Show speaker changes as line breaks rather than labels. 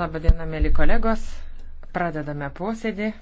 Labadiena, mėly kolegos. Pradedame posėdį.